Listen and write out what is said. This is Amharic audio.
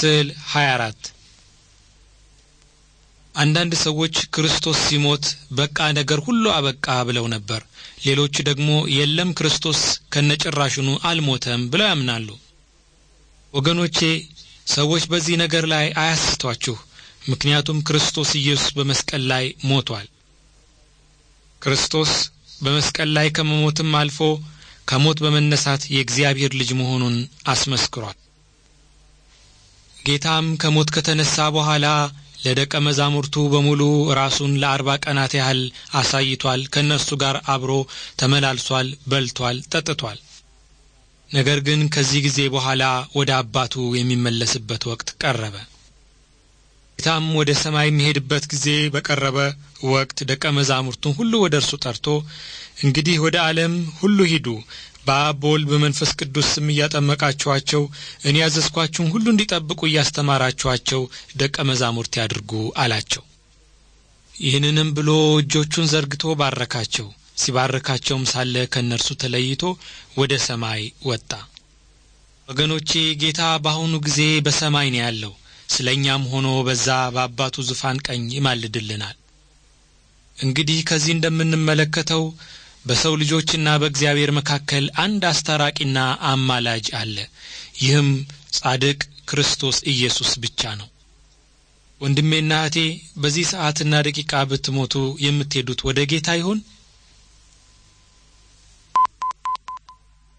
ስዕል 24 አንዳንድ ሰዎች ክርስቶስ ሲሞት በቃ ነገር ሁሉ አበቃ ብለው ነበር። ሌሎቹ ደግሞ የለም ክርስቶስ ከነጭራሽኑ አልሞተም ብለው ያምናሉ። ወገኖቼ ሰዎች በዚህ ነገር ላይ አያስቷችሁ፣ ምክንያቱም ክርስቶስ ኢየሱስ በመስቀል ላይ ሞቷል። ክርስቶስ በመስቀል ላይ ከመሞትም አልፎ ከሞት በመነሳት የእግዚአብሔር ልጅ መሆኑን አስመስክሯል። ጌታም ከሞት ከተነሳ በኋላ ለደቀ መዛሙርቱ በሙሉ ራሱን ለአርባ ቀናት ያህል አሳይቷል። ከእነርሱ ጋር አብሮ ተመላልሷል፣ በልቷል፣ ጠጥቷል። ነገር ግን ከዚህ ጊዜ በኋላ ወደ አባቱ የሚመለስበት ወቅት ቀረበ። ጌታም ወደ ሰማይ የሚሄድበት ጊዜ በቀረበ ወቅት ደቀ መዛሙርቱን ሁሉ ወደ እርሱ ጠርቶ እንግዲህ ወደ ዓለም ሁሉ ሂዱ፣ በአብ በወልድ በመንፈስ ቅዱስ ስም እያጠመቃችኋቸው እኔ ያዘዝኳችሁን ሁሉ እንዲጠብቁ እያስተማራችኋቸው ደቀ መዛሙርት ያድርጉ አላቸው። ይህንንም ብሎ እጆቹን ዘርግቶ ባረካቸው። ሲባርካቸውም ሳለ ከእነርሱ ተለይቶ ወደ ሰማይ ወጣ። ወገኖቼ ጌታ በአሁኑ ጊዜ በሰማይ ነው ያለው። ስለ እኛም ሆኖ በዛ በአባቱ ዙፋን ቀኝ ይማልድልናል። እንግዲህ ከዚህ እንደምንመለከተው በሰው ልጆችና በእግዚአብሔር መካከል አንድ አስታራቂና አማላጅ አለ። ይህም ጻድቅ ክርስቶስ ኢየሱስ ብቻ ነው። ወንድሜና እህቴ በዚህ ሰዓትና ደቂቃ ብትሞቱ የምትሄዱት ወደ ጌታ ይሆን?